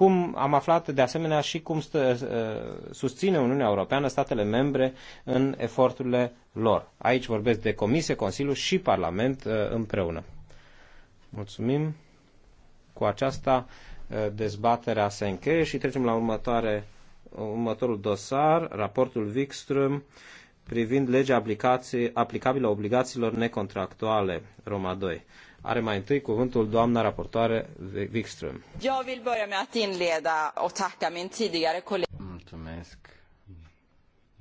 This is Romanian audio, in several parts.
cum am aflat de asemenea și cum stă, uh, susține Uniunea Europeană statele membre în eforturile lor. Aici vorbesc de Comisie, Consiliu și Parlament uh, împreună. Mulțumim. Cu aceasta uh, dezbaterea se încheie și trecem la următoare, următorul dosar, raportul Wikström privind legea aplicabilă obligațiilor necontractuale Roma 2. Are mai întâi cuvântul doamna raportoare Wikström. Eu vil börja med att inleda och tacka min tidigare kollega. Mulțumesc,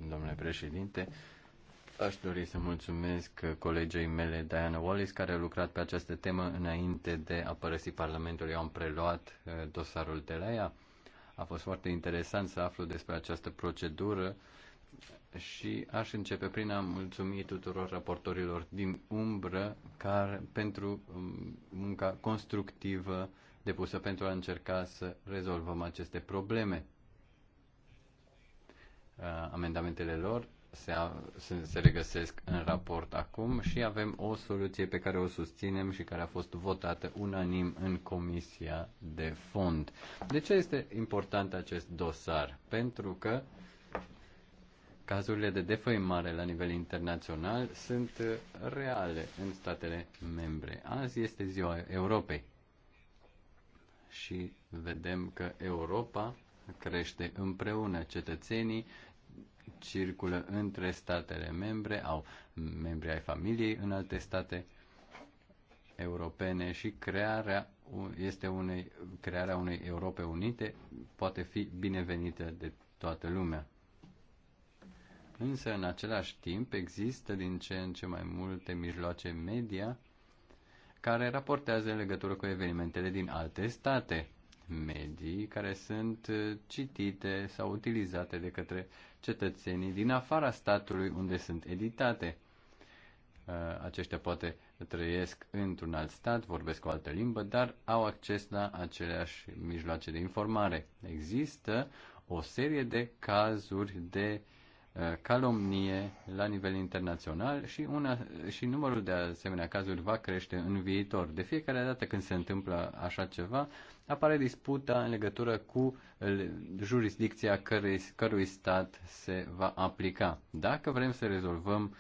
domnule președinte. Aș dori să mulțumesc colegei mele, Diana Wallis, care a lucrat pe această temă înainte de a părăsi Parlamentul. Eu am preluat uh, dosarul de la ea. A fost foarte interesant să aflu despre această procedură și aș începe prin a mulțumi tuturor raportorilor din umbră care, pentru um, munca constructivă depusă pentru a încerca să rezolvăm aceste probleme. Uh, amendamentele lor se, se, se regăsesc în raport acum și avem o soluție pe care o susținem și care a fost votată unanim în Comisia de Fond. De ce este important acest dosar? Pentru că cazurile de defăimare la nivel internațional sunt uh, reale în statele membre. Azi este ziua Europei și vedem că Europa crește împreună. Cetățenii circulă între statele membre, au membri ai familiei în alte state europene și crearea este unei, crearea unei Europe unite poate fi binevenită de toată lumea. Însă, în același timp, există din ce în ce mai multe mijloace media care raportează legătură cu evenimentele din alte state, medii care sunt uh, citite sau utilizate de către cetățenii din afara statului unde sunt editate. Uh, aceștia poate trăiesc într-un alt stat, vorbesc o altă limbă, dar au acces la aceleași mijloace de informare. Există o serie de cazuri de uh, Uh, calomnie la nivel internațional și, una, și numărul de asemenea cazuri va crește în viitor. De fiecare dată când se întâmplă așa ceva, apare disputa în legătură cu uh, jurisdicția cărui, cărui stat se va aplica. Dacă vrem să rezolvăm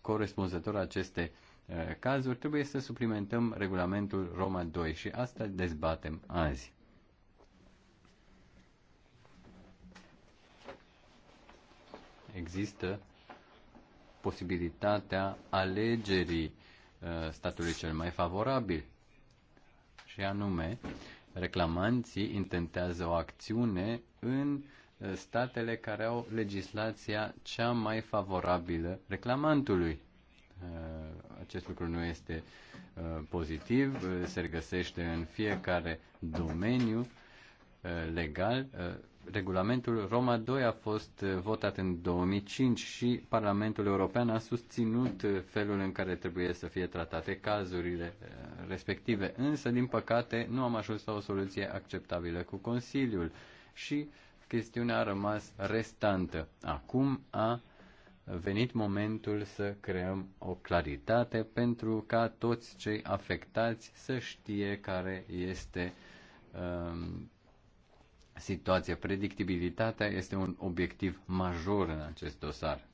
corespunzător aceste uh, cazuri, trebuie să suplimentăm regulamentul Roma 2 și asta dezbatem azi. există posibilitatea alegerii uh, statului cel mai favorabil. Și anume, reclamanții intentează o acțiune în uh, statele care au legislația cea mai favorabilă reclamantului. Uh, acest lucru nu este pozitiv, se regăsește în fiecare domeniu legal. Regulamentul Roma 2 a fost eh, votat în 2005 și Parlamentul European a susținut eh, felul în care trebuie să fie tratate cazurile eh, respective, însă, din păcate, nu am ajuns la o soluție acceptabilă cu Consiliul și chestiunea a rămas restantă. Acum a venit momentul să creăm o claritate pentru ca toți cei afectați să știe care este ehm, situație. Predictibilitatea este un obiectiv major în acest dosar,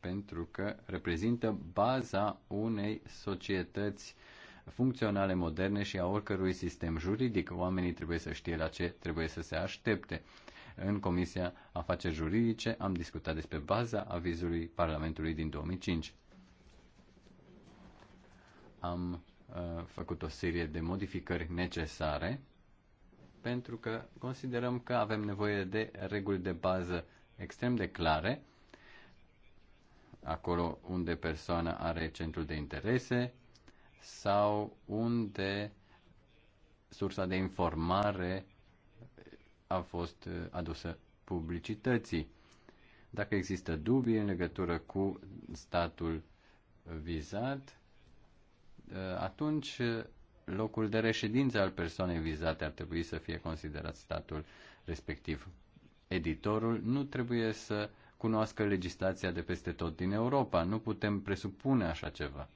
pentru că reprezintă baza unei societăți funcționale moderne și a oricărui sistem juridic. Oamenii trebuie să știe la ce trebuie să se aștepte. În Comisia Afaceri Juridice am discutat despre baza avizului Parlamentului din 2005. Am uh, făcut o serie de modificări necesare pentru că considerăm că avem nevoie de reguli de bază extrem de clare, acolo unde persoana are centrul de interese sau unde sursa de informare a fost adusă publicității. Dacă există dubii în legătură cu statul vizat, atunci locul de reședință al persoanei vizate ar trebui să fie considerat statul respectiv. Editorul nu trebuie să cunoască legislația de peste tot din Europa. Nu putem presupune așa ceva.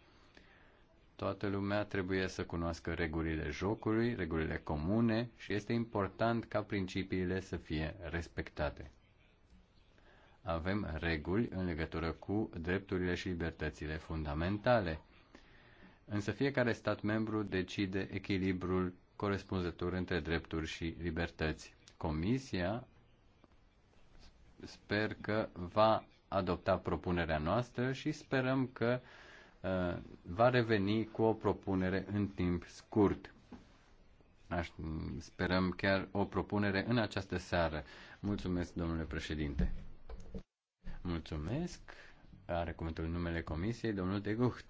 Toată lumea trebuie să cunoască regulile jocului, regulile comune și este important ca principiile să fie respectate. Avem reguli în legătură cu drepturile și libertățile fundamentale. Însă fiecare stat membru decide echilibrul corespunzător între drepturi și libertăți. Comisia sper că va adopta propunerea noastră și sperăm că uh, va reveni cu o propunere în timp scurt. Aș, sperăm chiar o propunere în această seară. Mulțumesc, domnule președinte. Mulțumesc. Are cuvântul numele comisiei, domnul de Gucht.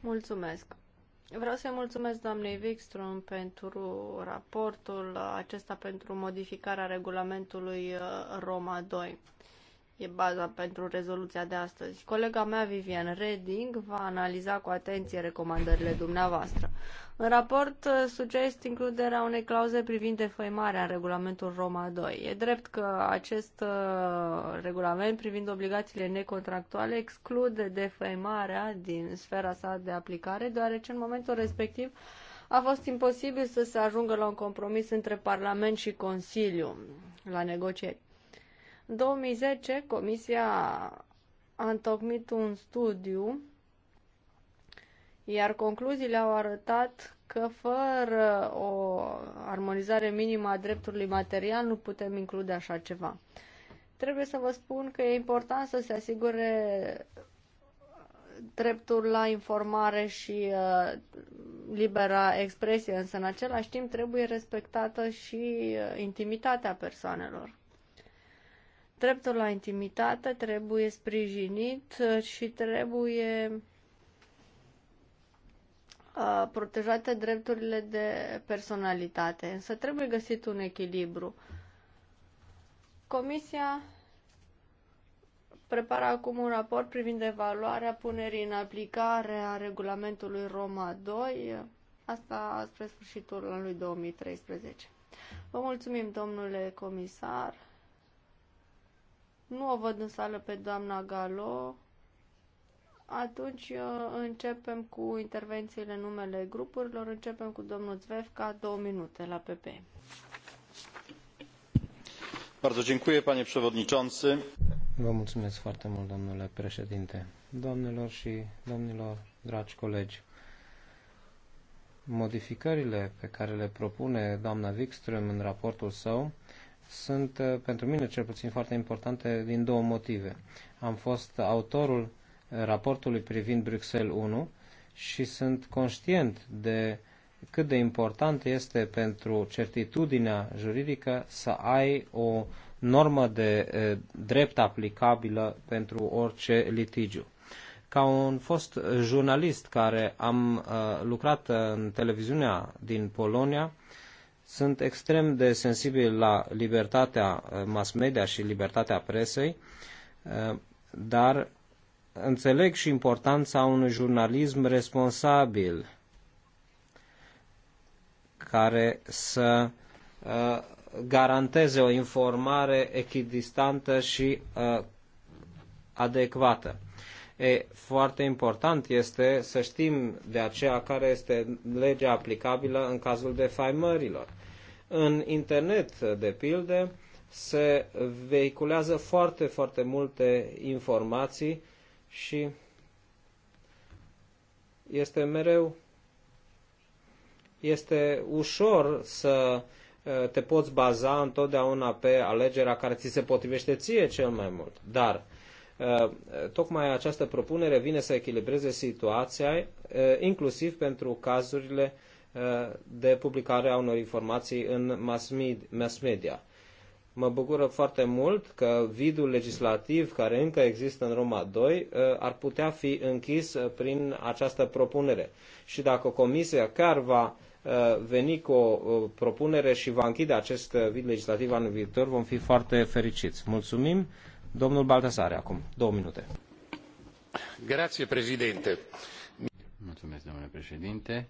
Mulțumesc. Vreau să-i mulțumesc doamnei Wikström pentru raportul acesta pentru modificarea regulamentului uh, Roma 2 e baza pentru rezoluția de astăzi. Colega mea, Vivian Reding, va analiza cu atenție recomandările dumneavoastră. În raport uh, sugest includerea unei clauze privind defăimarea în regulamentul Roma 2. E drept că acest uh, regulament privind obligațiile necontractuale exclude defăimarea din sfera sa de aplicare, deoarece în momentul respectiv a fost imposibil să se ajungă la un compromis între Parlament și Consiliu la negocieri. În 2010, Comisia a întocmit un studiu, iar concluziile au arătat că fără o armonizare minimă a dreptului material nu putem include așa ceva. Trebuie să vă spun că e important să se asigure dreptul la informare și uh, libera expresie, însă în același timp trebuie respectată și uh, intimitatea persoanelor. Dreptul la intimitate trebuie sprijinit și trebuie protejate drepturile de personalitate, însă trebuie găsit un echilibru. Comisia prepară acum un raport privind evaluarea punerii în aplicare a regulamentului Roma 2, asta spre sfârșitul anului 2013. Vă mulțumim, domnule comisar. Nu o văd în sală pe doamna Galo. Atunci uh, începem cu intervențiile în numele grupurilor. Începem cu domnul Zvevca, două minute la PP. Bardzo dziękuję, panie przewodniczący. Vă mulțumesc foarte mult, domnule președinte. Doamnelor și domnilor, dragi colegi, modificările pe care le propune doamna Wikström în raportul său sunt uh, pentru mine cel puțin foarte importante din două motive. Am fost autorul raportului privind Bruxelles 1 și sunt conștient de cât de important este pentru certitudinea juridică să ai o normă de uh, drept aplicabilă pentru orice litigiu. Ca un fost jurnalist care am uh, lucrat în televiziunea din Polonia, sunt extrem de sensibili la libertatea uh, mass media și libertatea presei, uh, dar înțeleg și importanța unui jurnalism responsabil care să uh, garanteze o informare echidistantă și adecvată. E, foarte important este să știm de aceea care este legea aplicabilă în cazul defăimărilor. În internet, de pildă, se vehiculează foarte, foarte multe informații și este mereu este ușor să te poți baza întotdeauna pe alegerea care ți se potrivește ție cel mai mult. Dar tocmai această propunere vine să echilibreze situația, inclusiv pentru cazurile de publicare a unor informații în mass media. Mă bucură foarte mult că vidul legislativ care încă există în Roma 2 uh, ar putea fi închis uh, prin această propunere. Și dacă Comisia chiar va uh, veni cu o propunere și va închide acest vid legislativ anul viitor, vom fi foarte fericiți. Mulțumim. Domnul Baltasare, acum două minute. Grație, președinte. Mulțumesc, domnule președinte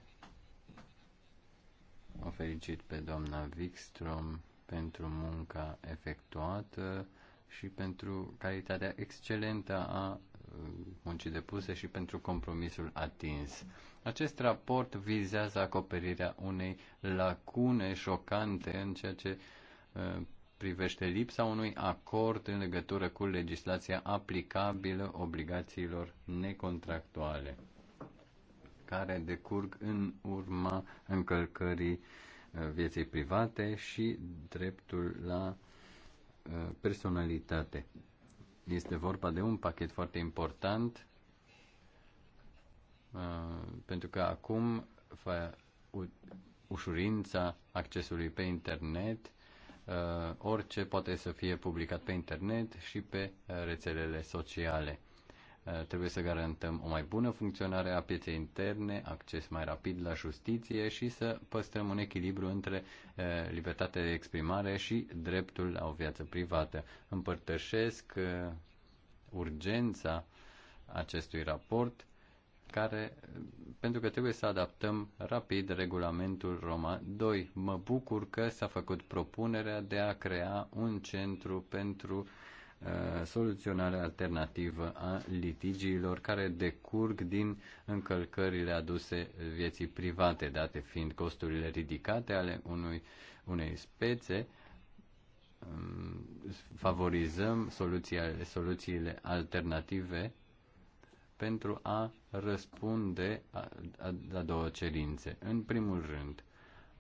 o felicit pe doamna Wikstrom pentru munca efectuată și pentru calitatea excelentă a uh, muncii depuse și pentru compromisul atins. Acest raport vizează acoperirea unei lacune șocante în ceea ce uh, privește lipsa unui acord în legătură cu legislația aplicabilă obligațiilor necontractuale care decurg în urma încălcării uh, vieții private și dreptul la uh, personalitate. Este vorba de un pachet foarte important uh, pentru că acum ușurința accesului pe internet, orice poate să fie publicat pe internet și pe rețelele sociale. Eh, trebuie să garantăm o mai bună funcționare a pieței interne, acces mai rapid la justiție și să păstrăm un echilibru între eh, libertatea de exprimare și dreptul la o viață privată. Împărtășesc eh, urgența acestui raport care, pentru că trebuie să adaptăm rapid regulamentul Roma 2. Mă bucur că s-a făcut propunerea de a crea un centru pentru Uh, soluționare alternativă a litigiilor care decurg din încălcările aduse vieții private, date fiind costurile ridicate ale unui, unei spețe, um, favorizăm soluția, soluțiile alternative pentru a răspunde la două cerințe. În primul rând,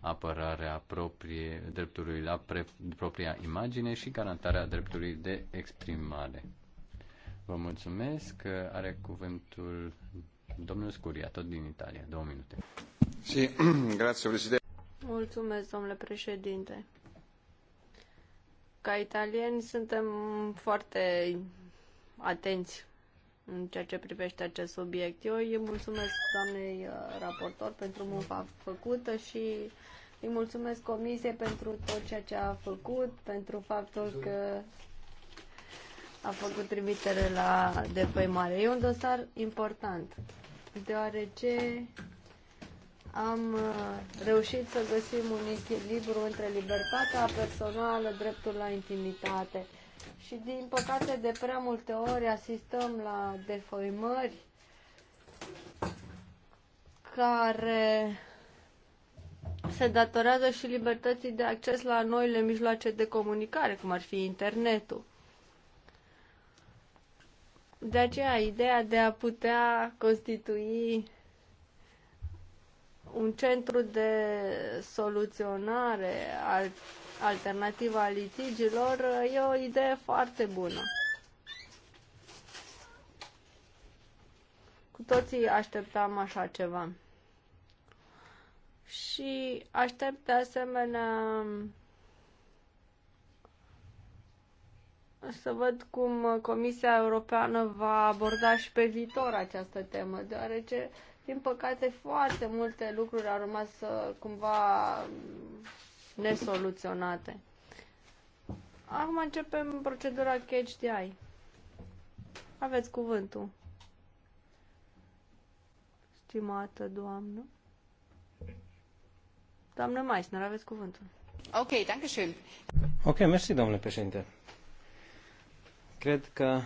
apărarea proprie, dreptului la pre, propria imagine și garantarea dreptului de exprimare. Vă mulțumesc că are cuvântul domnul Scuria, tot din Italia. Două minute. Sí, grazie, președinte. Mulțumesc, domnule președinte. Ca italieni suntem foarte atenți în ceea ce privește acest subiect. Eu îi mulțumesc doamnei uh, raportor pentru munca făcută și îi mulțumesc comisiei pentru tot ceea ce a făcut, pentru faptul că a făcut trimitere la mare. E un dosar important, deoarece am uh, reușit să găsim un echilibru între libertatea personală, dreptul la intimitate – și din păcate de prea multe ori asistăm la defăimări care se datorează și libertății de acces la noile mijloace de comunicare, cum ar fi internetul. De aceea, ideea de a putea constitui un centru de soluționare a alternativa litigilor e o idee foarte bună. Cu toții așteptam așa ceva. Și aștept de asemenea să văd cum Comisia Europeană va aborda și pe viitor această temă, deoarece, din păcate, foarte multe lucruri au rămas uh, cumva nesoluționate. Acum începem procedura catch the eye. Aveți cuvântul. Stimată doamnă. Doamnă Meissner, aveți cuvântul. Ok, danke schön. Ok, mersi, domnule președinte. Cred că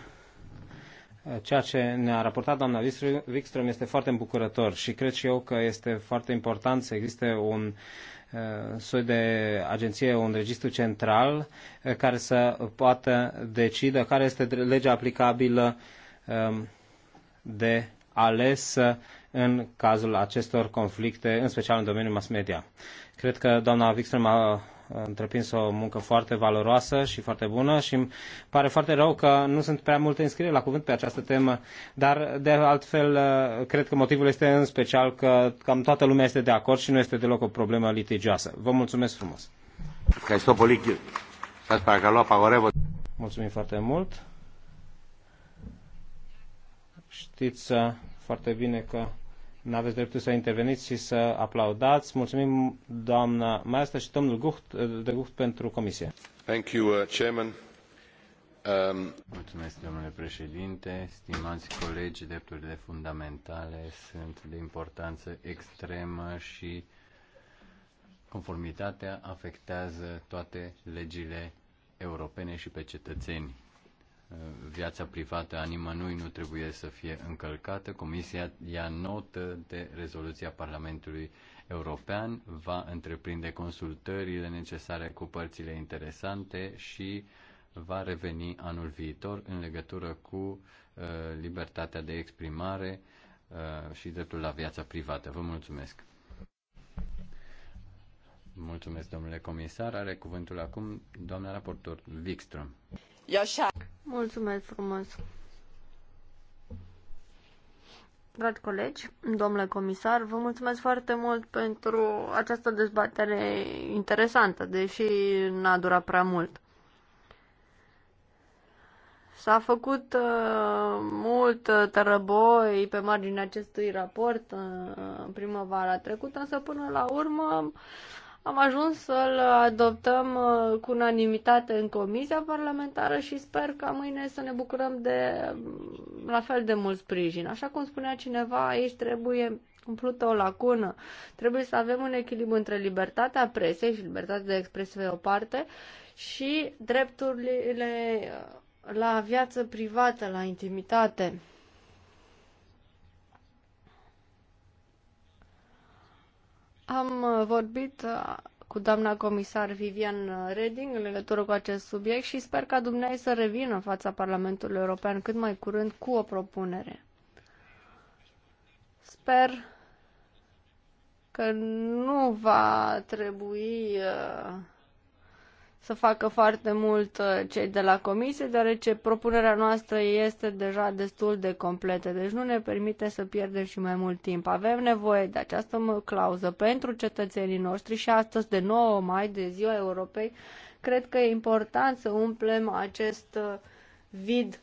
ceea ce ne-a raportat doamna Wikström este foarte îmbucurător și cred și eu că este foarte important să existe un uh, soi de agenție, un registru central uh, care să poată decide care este legea aplicabilă um, de ales în cazul acestor conflicte, în special în domeniul mass media. Cred că doamna Wikström a întreprins o muncă foarte valoroasă și foarte bună și îmi pare foarte rău că nu sunt prea multe înscrieri la cuvânt pe această temă, dar de altfel cred că motivul este în special că cam toată lumea este de acord și nu este deloc o problemă litigioasă. Vă mulțumesc frumos! Mulțumim foarte mult! Știți uh, foarte bine că nu aveți dreptul să interveniți și să aplaudați. Mulțumim doamna Maestră și domnul Gucht, de Gucht pentru comisie. Thank you, uh, Chairman. Um... Mulțumesc, domnule președinte, stimați colegi, drepturile fundamentale sunt de importanță extremă și conformitatea afectează toate legile europene și pe cetățenii viața privată a nimănui nu trebuie să fie încălcată. Comisia ia notă de rezoluția Parlamentului European, va întreprinde consultările necesare cu părțile interesante și va reveni anul viitor în legătură cu uh, libertatea de exprimare uh, și dreptul la viața privată. Vă mulțumesc! Mulțumesc, domnule comisar. Are cuvântul acum doamna raportor Wikström. Eu așa. Mulțumesc frumos. Dragi colegi, domnule comisar, vă mulțumesc foarte mult pentru această dezbatere interesantă, deși n-a durat prea mult. S-a făcut uh, mult uh, tărăboi pe marginea acestui raport uh, primăvara trecută, însă până la urmă uh, am ajuns să-l adoptăm uh, cu unanimitate în Comisia Parlamentară și sper ca mâine să ne bucurăm de mm, la fel de mult sprijin. Așa cum spunea cineva, aici trebuie umplută o lacună. Trebuie să avem un echilibru între libertatea presei și libertatea de expresie pe o parte și drepturile uh, la viață privată, la intimitate. Am uh, vorbit uh, cu doamna comisar Vivian uh, Reding în legătură cu acest subiect și sper ca dumneai să revină în fața Parlamentului European cât mai curând cu o propunere. Sper că nu va trebui uh, să facă foarte mult uh, cei de la comisie, deoarece propunerea noastră este deja destul de completă, deci nu ne permite să pierdem și mai mult timp. Avem nevoie de această clauză pentru cetățenii noștri și astăzi, de 9 mai, de Ziua Europei, cred că e important să umplem acest uh, vid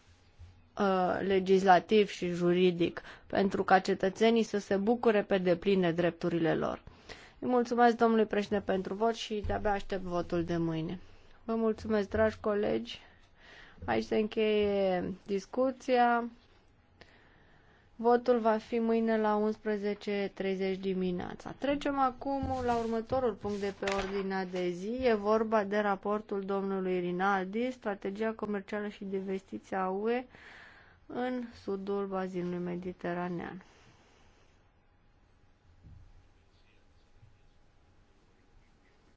uh, legislativ și juridic pentru ca cetățenii să se bucure pe deplin de drepturile lor. Îi mulțumesc domnului președinte pentru vot și de-abia aștept votul de mâine. Vă mulțumesc, dragi colegi. Aici se încheie discuția. Votul va fi mâine la 11.30 dimineața. Trecem acum la următorul punct de pe ordinea de zi. E vorba de raportul domnului Rinaldi, strategia comercială și de investiția UE în sudul bazinului mediteranean.